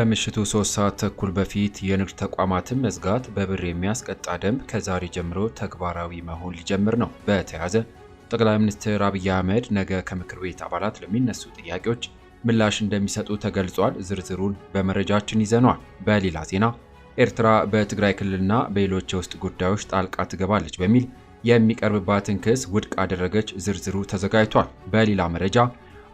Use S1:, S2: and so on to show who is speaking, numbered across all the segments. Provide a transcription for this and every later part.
S1: ከምሽቱ ሶስት ሰዓት ተኩል በፊት የንግድ ተቋማትን መዝጋት በብር የሚያስቀጣ ደንብ ከዛሬ ጀምሮ ተግባራዊ መሆን ሊጀምር ነው። በተያያዘ ጠቅላይ ሚኒስትር አብይ አህመድ ነገ ከምክር ቤት አባላት ለሚነሱ ጥያቄዎች ምላሽ እንደሚሰጡ ተገልጿል። ዝርዝሩን በመረጃችን ይዘነዋል። በሌላ ዜና ኤርትራ በትግራይ ክልልና በሌሎች የውስጥ ጉዳዮች ጣልቃ ትገባለች በሚል የሚቀርብባትን ክስ ውድቅ አደረገች። ዝርዝሩ ተዘጋጅቷል። በሌላ መረጃ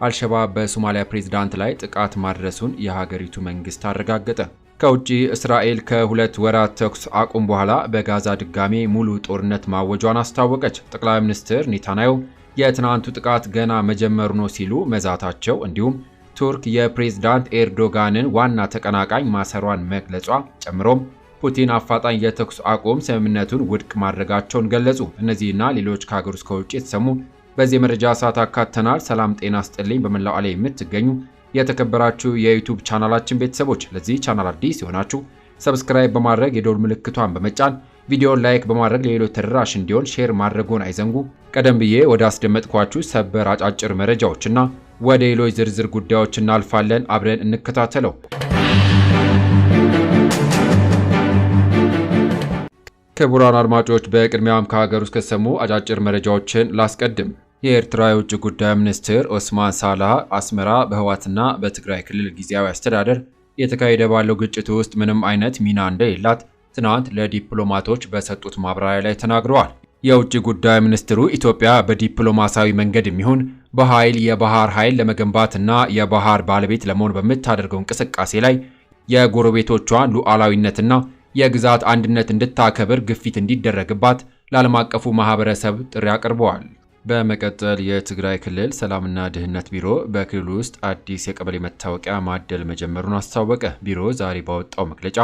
S1: አልሸባብ በሶማሊያ ፕሬዝዳንት ላይ ጥቃት ማድረሱን የሀገሪቱ መንግስት አረጋገጠ። ከውጭ እስራኤል ከሁለት ወራት ተኩስ አቁም በኋላ በጋዛ ድጋሜ ሙሉ ጦርነት ማወጇን አስታወቀች። ጠቅላይ ሚኒስትር ኔታንያሁ የትናንቱ ጥቃት ገና መጀመሩ ነው ሲሉ መዛታቸው፣ እንዲሁም ቱርክ የፕሬዝዳንት ኤርዶጋንን ዋና ተቀናቃኝ ማሰሯን መግለጿ ጨምሮም ፑቲን አፋጣኝ የተኩስ አቁም ስምምነቱን ውድቅ ማድረጋቸውን ገለጹ። እነዚህና ሌሎች ከሀገር ውስጥ ከውጭ የተሰሙ በዚህ መረጃ ሰዓት አካተናል። ሰላም ጤና ስጥልኝ። በመላው ዓለም የምትገኙ የተከበራችሁ የዩቱብ ቻናላችን ቤተሰቦች ለዚህ ቻናል አዲስ የሆናችሁ ሰብስክራይብ በማድረግ የዶል ምልክቷን በመጫን ቪዲዮን ላይክ በማድረግ ለሌሎች ተደራሽ እንዲሆን ሼር ማድረጉን አይዘንጉ። ቀደም ብዬ ወደ አስደመጥኳችሁ ሰበር አጫጭር መረጃዎችና ወደ ሌሎች ዝርዝር ጉዳዮች እናልፋለን። አብረን እንከታተለው።
S2: ክቡራን አድማጮች በቅድሚያም ከሀገር ውስጥ ከሰሙ አጫጭር መረጃዎችን ላስቀድም። የኤርትራ የውጭ ጉዳይ ሚኒስትር ኦስማን ሳላህ አስመራ በህዋትና በትግራይ ክልል ጊዜያዊ አስተዳደር የተካሄደ ባለው ግጭት ውስጥ ምንም አይነት ሚና እንደሌላት ትናንት ለዲፕሎማቶች በሰጡት ማብራሪያ ላይ ተናግረዋል። የውጭ ጉዳይ ሚኒስትሩ ኢትዮጵያ በዲፕሎማሲያዊ መንገድ የሚሆን በኃይል የባህር ኃይል ለመገንባትና የባህር ባለቤት ለመሆን በምታደርገው እንቅስቃሴ ላይ የጎረቤቶቿን ሉዓላዊነትና የግዛት አንድነት እንድታከብር ግፊት እንዲደረግባት ለዓለም አቀፉ ማህበረሰብ ጥሪ አቅርበዋል። በመቀጠል የትግራይ ክልል ሰላምና ደህንነት ቢሮ በክልሉ ውስጥ አዲስ የቀበሌ መታወቂያ ማደል መጀመሩን አስታወቀ። ቢሮ ዛሬ ባወጣው መግለጫ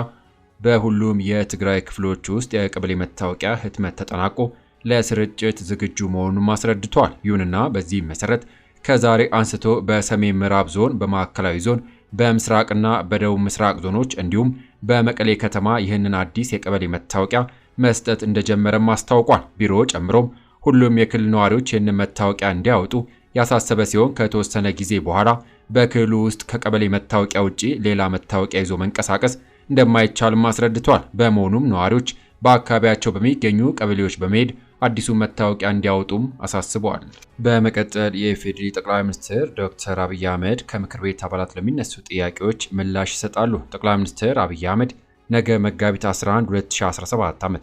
S2: በሁሉም የትግራይ ክፍሎች ውስጥ የቀበሌ መታወቂያ ህትመት ተጠናቆ ለስርጭት ዝግጁ መሆኑን አስረድቷል። ይሁንና በዚህም መሰረት ከዛሬ አንስቶ በሰሜን ምዕራብ ዞን፣ በማዕከላዊ ዞን በምስራቅና በደቡብ ምስራቅ ዞኖች እንዲሁም በመቀሌ ከተማ ይህንን አዲስ የቀበሌ መታወቂያ መስጠት እንደጀመረም አስታውቋል። ቢሮ ጨምሮም ሁሉም የክልል ነዋሪዎች ይህንን መታወቂያ እንዲያወጡ ያሳሰበ ሲሆን ከተወሰነ ጊዜ በኋላ በክልሉ ውስጥ ከቀበሌ መታወቂያ ውጪ ሌላ መታወቂያ ይዞ መንቀሳቀስ እንደማይቻልም አስረድቷል። በመሆኑም ነዋሪዎች በአካባቢያቸው በሚገኙ ቀበሌዎች በመሄድ አዲሱ መታወቂያ እንዲያወጡም አሳስበዋል። በመቀጠል የኢፌዴሪ ጠቅላይ ሚኒስትር ዶክተር አብይ አህመድ ከምክር ቤት አባላት ለሚነሱ ጥያቄዎች ምላሽ ይሰጣሉ። ጠቅላይ ሚኒስትር አብይ አህመድ ነገ መጋቢት 11 2017 ዓ ም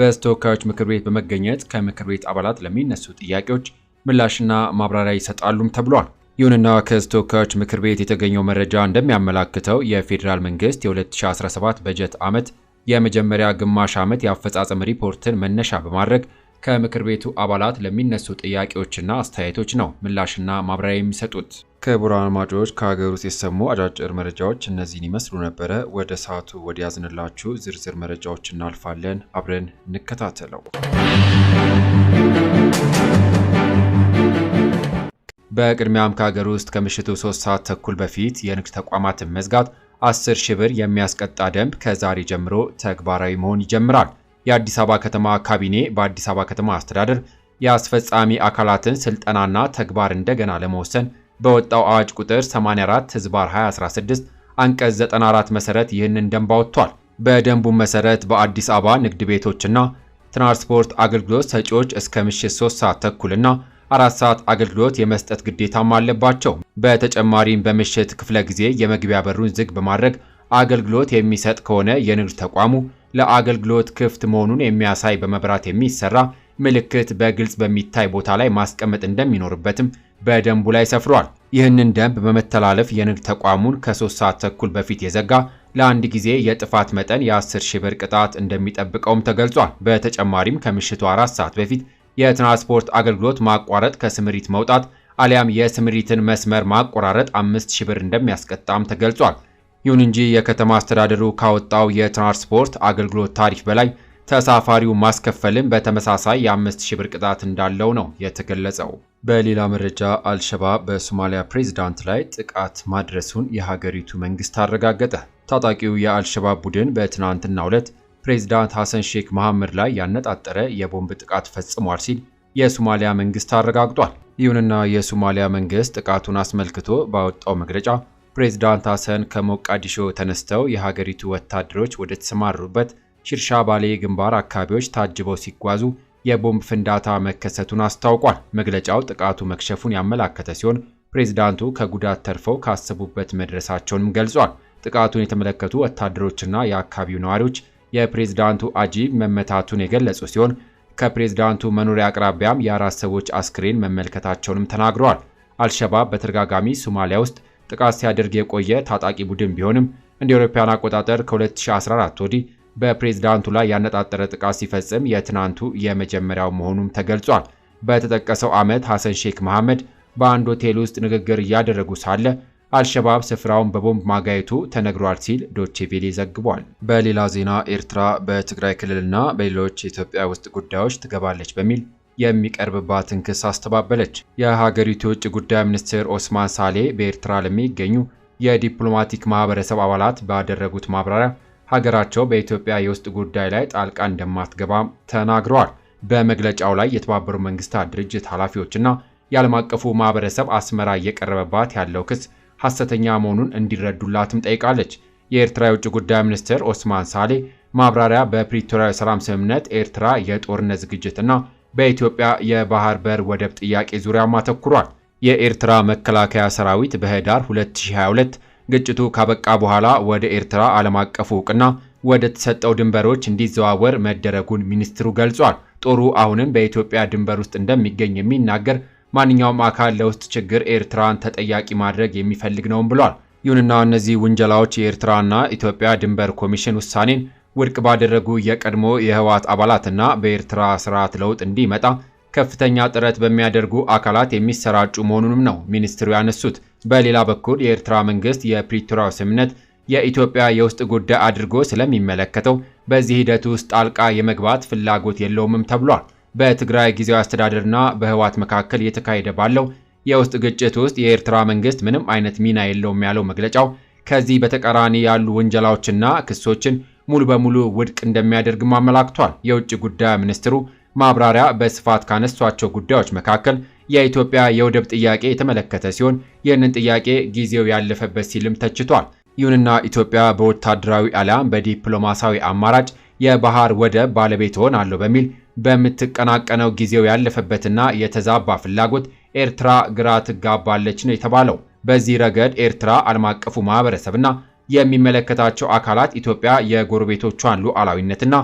S2: በተወካዮች ምክር ቤት በመገኘት ከምክር ቤት አባላት ለሚነሱ ጥያቄዎች ምላሽና ማብራሪያ ይሰጣሉም ተብሏል። ይሁንና ከተወካዮች ምክር ቤት የተገኘው መረጃ እንደሚያመላክተው የፌዴራል መንግስት የ2017 በጀት ዓመት የመጀመሪያ ግማሽ ዓመት የአፈጻጸም ሪፖርትን መነሻ በማድረግ ከምክር ቤቱ አባላት ለሚነሱ ጥያቄዎችና አስተያየቶች ነው ምላሽና ማብራሪያ የሚሰጡት። ክቡራን አድማጮች ከሀገር ውስጥ የተሰሙ አጫጭር መረጃዎች እነዚህን ይመስሉ ነበረ። ወደ ሰዓቱ ወደ ያዝንላችሁ ዝርዝር መረጃዎች እናልፋለን። አብረን እንከታተለው።
S3: በቅድሚያም ከሀገር ውስጥ ከምሽቱ ሶስት ሰዓት ተኩል በፊት የንግድ ተቋማትን መዝጋት 10 ሺህ ብር የሚያስቀጣ ደንብ ከዛሬ ጀምሮ ተግባራዊ መሆን ይጀምራል። የአዲስ አበባ ከተማ ካቢኔ በአዲስ አበባ ከተማ አስተዳደር የአስፈጻሚ አካላትን ስልጠናና ተግባር እንደገና ለመወሰን በወጣው አዋጅ ቁጥር 84 ህዝባር 2016 አንቀጽ 94 መሰረት ይህንን ደንብ አወጥቷል። በደንቡ መሰረት በአዲስ አበባ ንግድ ቤቶችና ትራንስፖርት አገልግሎት ሰጪዎች እስከ ምሽት 3 ሰዓት ተኩልና አራት ሰዓት አገልግሎት የመስጠት ግዴታም አለባቸው። በተጨማሪም በምሽት ክፍለ ጊዜ የመግቢያ በሩን ዝግ በማድረግ አገልግሎት የሚሰጥ ከሆነ የንግድ ተቋሙ ለአገልግሎት ክፍት መሆኑን የሚያሳይ በመብራት የሚሰራ ምልክት በግልጽ በሚታይ ቦታ ላይ ማስቀመጥ እንደሚኖርበትም በደንቡ ላይ ሰፍሯል። ይህንን ደንብ በመተላለፍ የንግድ ተቋሙን ከሶስት ሰዓት ተኩል በፊት የዘጋ ለአንድ ጊዜ የጥፋት መጠን የ10 ሺህ ብር ቅጣት እንደሚጠብቀውም ተገልጿል። በተጨማሪም ከምሽቱ አራት ሰዓት በፊት የትራንስፖርት አገልግሎት ማቋረጥ፣ ከስምሪት መውጣት አሊያም የስምሪትን መስመር ማቆራረጥ አምስት ሺህ ብር እንደሚያስቀጣም ተገልጿል። ይሁን እንጂ የከተማ አስተዳደሩ ካወጣው የትራንስፖርት አገልግሎት ታሪፍ በላይ ተሳፋሪው ማስከፈልም በተመሳሳይ የአምስት ሺህ ብር ቅጣት እንዳለው ነው የተገለጸው። በሌላ መረጃ አልሸባብ በሶማሊያ ፕሬዝዳንት ላይ ጥቃት ማድረሱን የሀገሪቱ መንግስት አረጋገጠ። ታጣቂው የአልሸባብ ቡድን በትናንትናው ዕለት ፕሬዚዳንት ሐሰን ሼክ መሐመድ ላይ ያነጣጠረ የቦምብ ጥቃት ፈጽሟል ሲል የሶማሊያ መንግስት አረጋግጧል። ይሁንና የሶማሊያ መንግስት ጥቃቱን አስመልክቶ ባወጣው መግለጫ ፕሬዚዳንት ሐሰን ከሞቃዲሾ ተነስተው የሀገሪቱ ወታደሮች ወደ ተሰማሩበት ሽርሻ ባሌ ግንባር አካባቢዎች ታጅበው ሲጓዙ የቦምብ ፍንዳታ መከሰቱን አስታውቋል። መግለጫው ጥቃቱ መክሸፉን ያመላከተ ሲሆን ፕሬዚዳንቱ ከጉዳት ተርፈው ካሰቡበት መድረሳቸውንም ገልጿል። ጥቃቱን የተመለከቱ ወታደሮችና የአካባቢው ነዋሪዎች የፕሬዝዳንቱ አጂብ መመታቱን የገለጹ ሲሆን ከፕሬዝዳንቱ መኖሪያ አቅራቢያም የአራት ሰዎች አስክሬን መመልከታቸውንም ተናግረዋል። አልሸባብ በተደጋጋሚ ሶማሊያ ውስጥ ጥቃት ሲያደርግ የቆየ ታጣቂ ቡድን ቢሆንም እንደ አውሮፓውያን አቆጣጠር ከ2014 ወዲህ በፕሬዝዳንቱ ላይ ያነጣጠረ ጥቃት ሲፈጽም የትናንቱ የመጀመሪያው መሆኑም ተገልጿል። በተጠቀሰው ዓመት ሐሰን ሼክ መሐመድ በአንድ ሆቴል ውስጥ ንግግር እያደረጉ ሳለ አልሸባብ ስፍራውን በቦምብ ማጋየቱ ተነግሯል ሲል ዶቼቬሌ ዘግቧል። በሌላ ዜና ኤርትራ በትግራይ ክልልና በሌሎች የኢትዮጵያ ውስጥ ጉዳዮች ትገባለች በሚል የሚቀርብባትን ክስ አስተባበለች። የሀገሪቱ የውጭ ጉዳይ ሚኒስትር ኦስማን ሳሌ በኤርትራ ለሚገኙ የዲፕሎማቲክ ማህበረሰብ አባላት ባደረጉት ማብራሪያ ሀገራቸው በኢትዮጵያ የውስጥ ጉዳይ ላይ ጣልቃ እንደማትገባም ተናግረዋል። በመግለጫው ላይ የተባበሩት መንግስታት ድርጅት ኃላፊዎችና የዓለም አቀፉ ማህበረሰብ አስመራ እየቀረበባት ያለው ክስ ሐሰተኛ መሆኑን እንዲረዱላትም ጠይቃለች። የኤርትራ የውጭ ጉዳይ ሚኒስትር ኦስማን ሳሌ ማብራሪያ በፕሪቶሪያ ሰላም ስምምነት ኤርትራ የጦርነት ዝግጅትና በኢትዮጵያ የባህር በር ወደብ ጥያቄ ዙሪያም አተኩሯል። የኤርትራ መከላከያ ሰራዊት በህዳር 2022 ግጭቱ ካበቃ በኋላ ወደ ኤርትራ ዓለም አቀፉ እውቅና ወደ ተሰጠው ድንበሮች እንዲዘዋወር መደረጉን ሚኒስትሩ ገልጿል። ጦሩ አሁንም በኢትዮጵያ ድንበር ውስጥ እንደሚገኝ የሚናገር ማንኛውም አካል ለውስጥ ችግር ኤርትራን ተጠያቂ ማድረግ የሚፈልግ ነውም ብሏል። ይሁንና እነዚህ ውንጀላዎች የኤርትራና ኢትዮጵያ ድንበር ኮሚሽን ውሳኔን ውድቅ ባደረጉ የቀድሞ የህወሓት አባላትና በኤርትራ ስርዓት ለውጥ እንዲመጣ ከፍተኛ ጥረት በሚያደርጉ አካላት የሚሰራጩ መሆኑንም ነው ሚኒስትሩ ያነሱት። በሌላ በኩል የኤርትራ መንግስት የፕሪቶሪያው ስምምነት የኢትዮጵያ የውስጥ ጉዳይ አድርጎ ስለሚመለከተው በዚህ ሂደት ውስጥ ጣልቃ የመግባት ፍላጎት የለውምም ተብሏል። በትግራይ ጊዜያዊ አስተዳደርና በህወሓት መካከል እየተካሄደ ባለው የውስጥ ግጭት ውስጥ የኤርትራ መንግስት ምንም አይነት ሚና የለውም ያለው መግለጫው ከዚህ በተቃራኒ ያሉ ውንጀላዎችና ክሶችን ሙሉ በሙሉ ውድቅ እንደሚያደርግም አመላክቷል። የውጭ ጉዳይ ሚኒስትሩ ማብራሪያ በስፋት ካነሷቸው ጉዳዮች መካከል የኢትዮጵያ የወደብ ጥያቄ የተመለከተ ሲሆን ይህንን ጥያቄ ጊዜው ያለፈበት ሲልም ተችቷል። ይሁንና ኢትዮጵያ በወታደራዊ አሊያም በዲፕሎማሲያዊ አማራጭ የባህር ወደብ ባለቤት ሆናለሁ በሚል በምትቀናቀነው ጊዜው ያለፈበትና የተዛባ ፍላጎት ኤርትራ ግራ ትጋባለች ነው የተባለው። በዚህ ረገድ ኤርትራ ዓለም አቀፉ ማህበረሰብና የሚመለከታቸው አካላት ኢትዮጵያ የጎረቤቶቿን ሉዓላዊነትና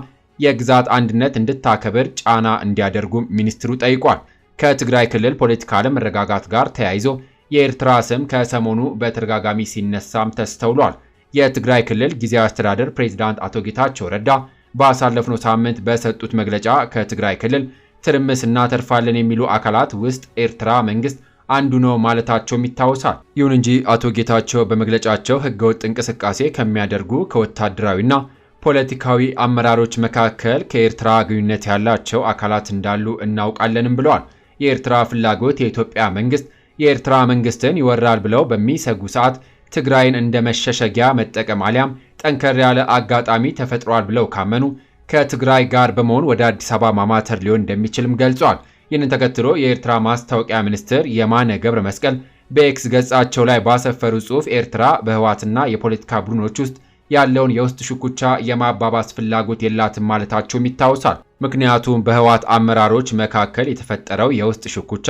S3: የግዛት አንድነት እንድታከብር ጫና እንዲያደርጉ ሚኒስትሩ ጠይቋል። ከትግራይ ክልል ፖለቲካ አለመረጋጋት ጋር ተያይዞ የኤርትራ ስም ከሰሞኑ በተደጋጋሚ ሲነሳም ተስተውሏል። የትግራይ ክልል ጊዜያዊ አስተዳደር ፕሬዚዳንት አቶ ጌታቸው ረዳ ባሳለፍነው ሳምንት በሰጡት መግለጫ ከትግራይ ክልል ትርምስ እናተርፋለን የሚሉ አካላት ውስጥ ኤርትራ መንግስት አንዱ ነው ማለታቸውም ይታወሳል። ይሁን እንጂ አቶ ጌታቸው በመግለጫቸው ህገወጥ እንቅስቃሴ ከሚያደርጉ ከወታደራዊና ፖለቲካዊ አመራሮች መካከል ከኤርትራ ግንኙነት ያላቸው አካላት እንዳሉ እናውቃለንም ብለዋል። የኤርትራ ፍላጎት የኢትዮጵያ መንግስት የኤርትራ መንግስትን ይወራል ብለው በሚሰጉ ሰዓት ትግራይን እንደ መሸሸጊያ መጠቀም አሊያም ጠንከር ያለ አጋጣሚ ተፈጥሯል ብለው ካመኑ ከትግራይ ጋር በመሆን ወደ አዲስ አበባ ማማተር ሊሆን እንደሚችልም ገልጿል። ይህንን ተከትሎ የኤርትራ ማስታወቂያ ሚኒስትር የማነ ገብረ መስቀል በኤክስ ገጻቸው ላይ ባሰፈሩ ጽሑፍ ኤርትራ በህዋትና የፖለቲካ ቡድኖች ውስጥ ያለውን የውስጥ ሽኩቻ የማባባስ ፍላጎት የላትም ማለታቸውም ይታወሳል። ምክንያቱም በህዋት አመራሮች መካከል የተፈጠረው የውስጥ ሽኩቻ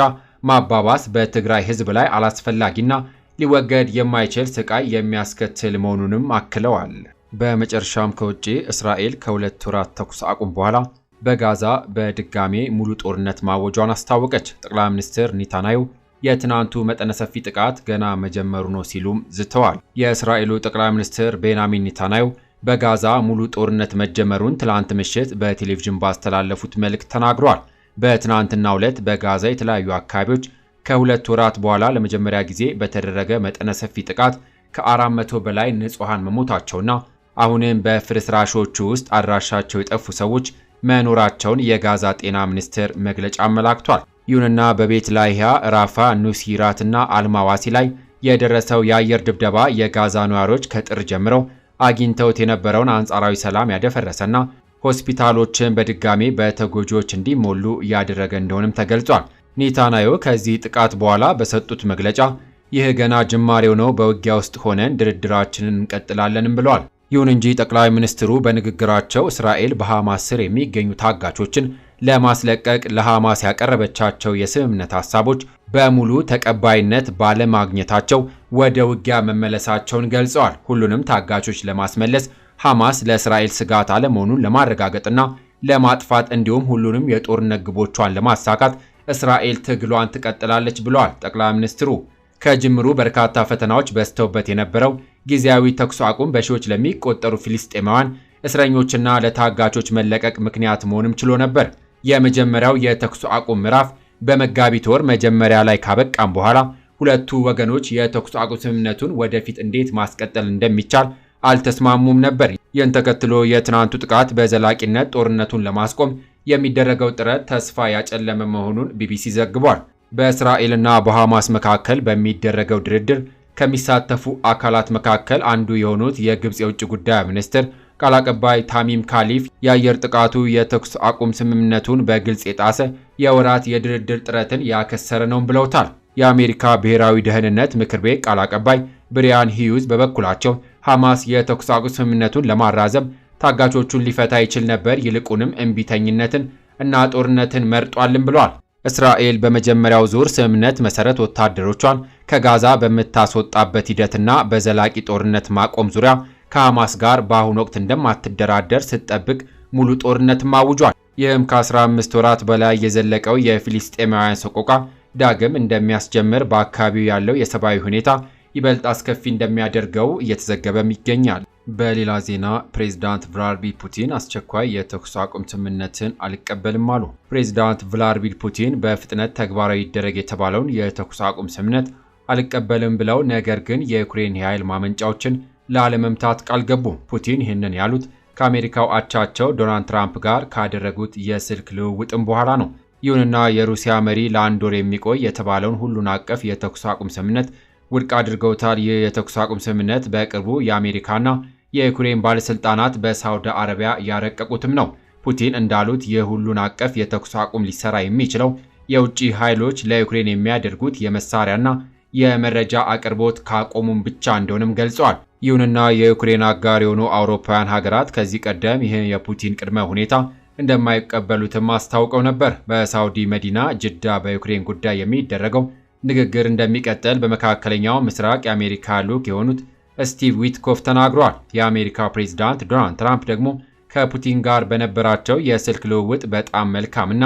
S3: ማባባስ በትግራይ ህዝብ ላይ አላስፈላጊና ሊወገድ የማይችል ስቃይ የሚያስከትል መሆኑንም አክለዋል። በመጨረሻም ከውጭ እስራኤል ከሁለት ወራት ተኩስ አቁም በኋላ በጋዛ በድጋሜ ሙሉ ጦርነት ማወጇን አስታወቀች። ጠቅላይ ሚኒስትር ኔታንያሁ የትናንቱ መጠነ ሰፊ ጥቃት ገና መጀመሩ ነው ሲሉም ዝተዋል። የእስራኤሉ ጠቅላይ ሚኒስትር ቤንያሚን ኔታንያሁ በጋዛ ሙሉ ጦርነት መጀመሩን ትላንት ምሽት በቴሌቪዥን ባስተላለፉት መልእክት ተናግሯል። በትናንትናው ዕለት በጋዛ የተለያዩ አካባቢዎች ከሁለት ወራት በኋላ ለመጀመሪያ ጊዜ በተደረገ መጠነ ሰፊ ጥቃት ከ400 በላይ ንጹሐን መሞታቸውና አሁንም በፍርስራሾቹ ውስጥ አድራሻቸው የጠፉ ሰዎች መኖራቸውን የጋዛ ጤና ሚኒስቴር መግለጫ አመላክቷል። ይሁንና በቤት ላሂያ፣ ራፋ፣ ኑሲራትና አልማዋሲ ላይ የደረሰው የአየር ድብደባ የጋዛ ነዋሪዎች ከጥር ጀምረው አግኝተውት የነበረውን አንጻራዊ ሰላም ያደፈረሰና ሆስፒታሎችን በድጋሜ በተጎጂዎች እንዲሞሉ ያደረገ እንደሆነም ተገልጿል። ኔታናዮ ከዚህ ጥቃት በኋላ በሰጡት መግለጫ ይህ ገና ጅማሬው ነው፣ በውጊያ ውስጥ ሆነን ድርድራችንን እንቀጥላለንም ብለዋል። ይሁን እንጂ ጠቅላይ ሚኒስትሩ በንግግራቸው እስራኤል በሐማስ ስር የሚገኙ ታጋቾችን ለማስለቀቅ ለሐማስ ያቀረበቻቸው የስምምነት ሐሳቦች በሙሉ ተቀባይነት ባለማግኘታቸው ወደ ውጊያ መመለሳቸውን ገልጸዋል። ሁሉንም ታጋቾች ለማስመለስ ሐማስ ለእስራኤል ስጋት አለመሆኑን ለማረጋገጥና ለማጥፋት እንዲሁም ሁሉንም የጦርነት ግቦቿን ለማሳካት እስራኤል ትግሏን ትቀጥላለች ብሏል ጠቅላይ ሚኒስትሩ። ከጅምሩ በርካታ ፈተናዎች በዝተውበት የነበረው ጊዜያዊ ተኩስ አቁም በሺዎች ለሚቆጠሩ ፊልስጤማውያን እስረኞችና ለታጋቾች መለቀቅ ምክንያት መሆንም ችሎ ነበር። የመጀመሪያው የተኩስ አቁም ምዕራፍ በመጋቢት ወር መጀመሪያ ላይ ካበቃም በኋላ ሁለቱ ወገኖች የተኩስ አቁም ስምምነቱን ወደፊት እንዴት ማስቀጠል እንደሚቻል አልተስማሙም ነበር። ይህን ተከትሎ የትናንቱ ጥቃት በዘላቂነት ጦርነቱን ለማስቆም የሚደረገው ጥረት ተስፋ ያጨለመ መሆኑን ቢቢሲ ዘግቧል። በእስራኤልና በሐማስ መካከል በሚደረገው ድርድር ከሚሳተፉ አካላት መካከል አንዱ የሆኑት የግብፅ የውጭ ጉዳይ ሚኒስትር ቃል አቀባይ ታሚም ካሊፍ የአየር ጥቃቱ የተኩስ አቁም ስምምነቱን በግልጽ የጣሰ የወራት የድርድር ጥረትን ያከሰረ ነው ብለውታል። የአሜሪካ ብሔራዊ ደህንነት ምክር ቤት ቃል አቀባይ ብሪያን ሂዩዝ በበኩላቸው ሐማስ የተኩስ አቁም ስምምነቱን ለማራዘም ታጋቾቹን ሊፈታ ይችል ነበር፣ ይልቁንም እምቢተኝነትን እና ጦርነትን መርጧልን ብሏል። እስራኤል በመጀመሪያው ዙር ስምምነት መሰረት ወታደሮቿን ከጋዛ በምታስወጣበት ሂደትና በዘላቂ ጦርነት ማቆም ዙሪያ ከሐማስ ጋር በአሁኑ ወቅት እንደማትደራደር ስትጠብቅ ሙሉ ጦርነትም አውጇል። ይህም ከ15 ወራት በላይ የዘለቀው የፊሊስጤማውያን ሰቆቃ ዳግም እንደሚያስጀምር በአካባቢው ያለው የሰብአዊ ሁኔታ ይበልጥ አስከፊ እንደሚያደርገው እየተዘገበም ይገኛል። በሌላ ዜና ፕሬዝዳንት ቭላድሚር ፑቲን አስቸኳይ የተኩስ አቁም ስምምነትን አልቀበልም አሉ። ፕሬዝዳንት ቭላድሚር ፑቲን በፍጥነት ተግባራዊ ይደረግ የተባለውን የተኩስ አቁም ስምምነት አልቀበልም ብለው ነገር ግን የዩክሬን የኃይል ማመንጫዎችን ላለመምታት ቃል ገቡ። ፑቲን ይህንን ያሉት ከአሜሪካው አቻቸው ዶናልድ ትራምፕ ጋር ካደረጉት የስልክ ልውውጥም በኋላ ነው። ይሁንና የሩሲያ መሪ ለአንድ ወር የሚቆይ የተባለውን ሁሉን አቀፍ የተኩስ አቁም ስምምነት ውድቅ አድርገውታል። ይህ የተኩስ አቁም ስምምነት በቅርቡ የአሜሪካና የዩክሬን ባለሥልጣናት በሳውዲ አረቢያ ያረቀቁትም ነው። ፑቲን እንዳሉት ሁሉን አቀፍ የተኩስ አቁም ሊሰራ የሚችለው የውጭ ኃይሎች ለዩክሬን የሚያደርጉት የመሳሪያና የመረጃ አቅርቦት ካቆሙም ብቻ እንደሆንም ገልጸዋል። ይሁንና የዩክሬን አጋር የሆኑ አውሮፓውያን ሀገራት ከዚህ ቀደም ይህን የፑቲን ቅድመ ሁኔታ እንደማይቀበሉትም አስታውቀው ነበር። በሳውዲ መዲና ጅዳ በዩክሬን ጉዳይ የሚደረገው ንግግር እንደሚቀጥል በመካከለኛው ምስራቅ የአሜሪካ ልዑክ የሆኑት ስቲቭ ዊትኮፍ ተናግሯል። የአሜሪካ ፕሬዚዳንት ዶናልድ ትራምፕ ደግሞ ከፑቲን ጋር በነበራቸው የስልክ ልውውጥ በጣም መልካምና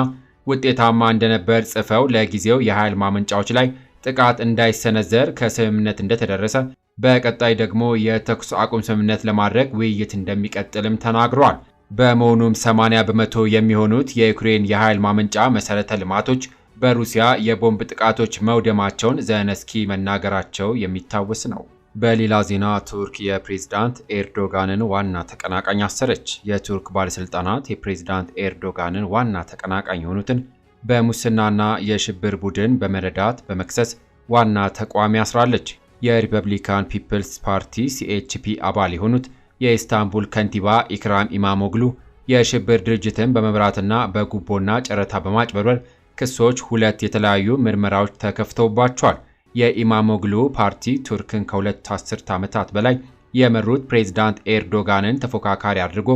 S3: ውጤታማ እንደነበር ጽፈው ለጊዜው የኃይል ማመንጫዎች ላይ ጥቃት እንዳይሰነዘር ከስምምነት እንደተደረሰ በቀጣይ ደግሞ የተኩስ አቁም ስምምነት ለማድረግ ውይይት እንደሚቀጥልም ተናግሯል። በመሆኑም 80 በመቶ የሚሆኑት የዩክሬን የኃይል ማመንጫ መሠረተ ልማቶች በሩሲያ የቦምብ ጥቃቶች መውደማቸውን ዘነስኪ መናገራቸው የሚታወስ ነው። በሌላ ዜና ቱርክ የፕሬዝዳንት ኤርዶጋንን ዋና ተቀናቃኝ አሰረች። የቱርክ ባለሥልጣናት የፕሬዝዳንት ኤርዶጋንን ዋና ተቀናቃኝ የሆኑትን በሙስናና የሽብር ቡድን በመረዳት በመክሰስ ዋና ተቋሚ አስራለች። የሪፐብሊካን ፒፕልስ ፓርቲ ሲኤችፒ አባል የሆኑት የኢስታንቡል ከንቲባ ኢክራም ኢማሞግሉ የሽብር ድርጅትን በመብራትና በጉቦና ጨረታ በማጭበርበር ክሶች ሁለት የተለያዩ ምርመራዎች ተከፍተውባቸዋል። የኢማሞግሉ ፓርቲ ቱርክን ከሁለት አስርት ዓመታት በላይ የመሩት ፕሬዝዳንት ኤርዶጋንን ተፎካካሪ አድርጎ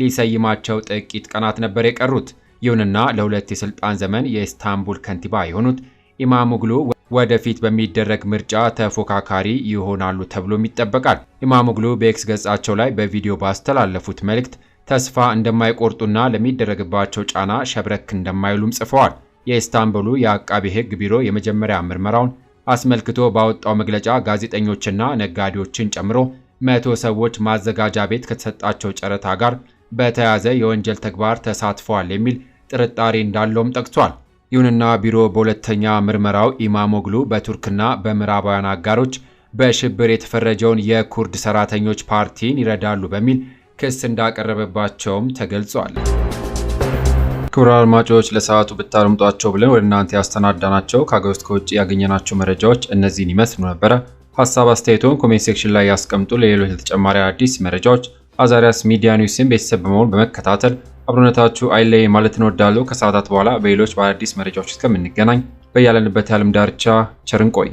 S3: ሊሰይማቸው ጥቂት ቀናት ነበር የቀሩት። ይሁንና ለሁለት የሥልጣን ዘመን የኢስታንቡል ከንቲባ የሆኑት ኢማሞግሉ ወደፊት በሚደረግ ምርጫ ተፎካካሪ ይሆናሉ ተብሎም ይጠበቃል። ኢማሞግሉ በኤክስ ገጻቸው ላይ በቪዲዮ ባስተላለፉት መልእክት ተስፋ እንደማይቆርጡና ለሚደረግባቸው ጫና ሸብረክ እንደማይሉም ጽፈዋል። የኢስታንቡሉ የአቃቢ ሕግ ቢሮ የመጀመሪያ ምርመራውን አስመልክቶ ባወጣው መግለጫ ጋዜጠኞችና ነጋዴዎችን ጨምሮ መቶ ሰዎች ማዘጋጃ ቤት ከተሰጣቸው ጨረታ ጋር በተያያዘ የወንጀል ተግባር ተሳትፈዋል የሚል ጥርጣሬ እንዳለውም ጠቅሷል። ይሁንና ቢሮ በሁለተኛ ምርመራው ኢማሞግሉ በቱርክና በምዕራባውያን አጋሮች በሽብር የተፈረጀውን የኩርድ ሰራተኞች ፓርቲን ይረዳሉ በሚል ክስ እንዳቀረበባቸውም ተገልጿል።
S4: ክቡራን አድማጮች ለሰዓቱ ብታደምጧቸው ብለን ወደ እናንተ ያስተናዳናቸው ከሀገር ውስጥ ከውጭ ያገኘናቸው መረጃዎች እነዚህን ይመስሉ ነበረ። ሀሳብ አስተያየቶን ኮሜንት ሴክሽን ላይ ያስቀምጡ። ለሌሎች ለተጨማሪ አዲስ መረጃዎች አዛሪያስ ሚዲያ ኒውስን ቤተሰብ በመሆን በመከታተል አብሮነታችሁ አይለይ ማለት እንወዳለሁ። ከሰዓታት በኋላ በሌሎች በአዳዲስ መረጃዎች እስከምንገናኝ በያለንበት የዓለም ዳርቻ ቸርን ቆይ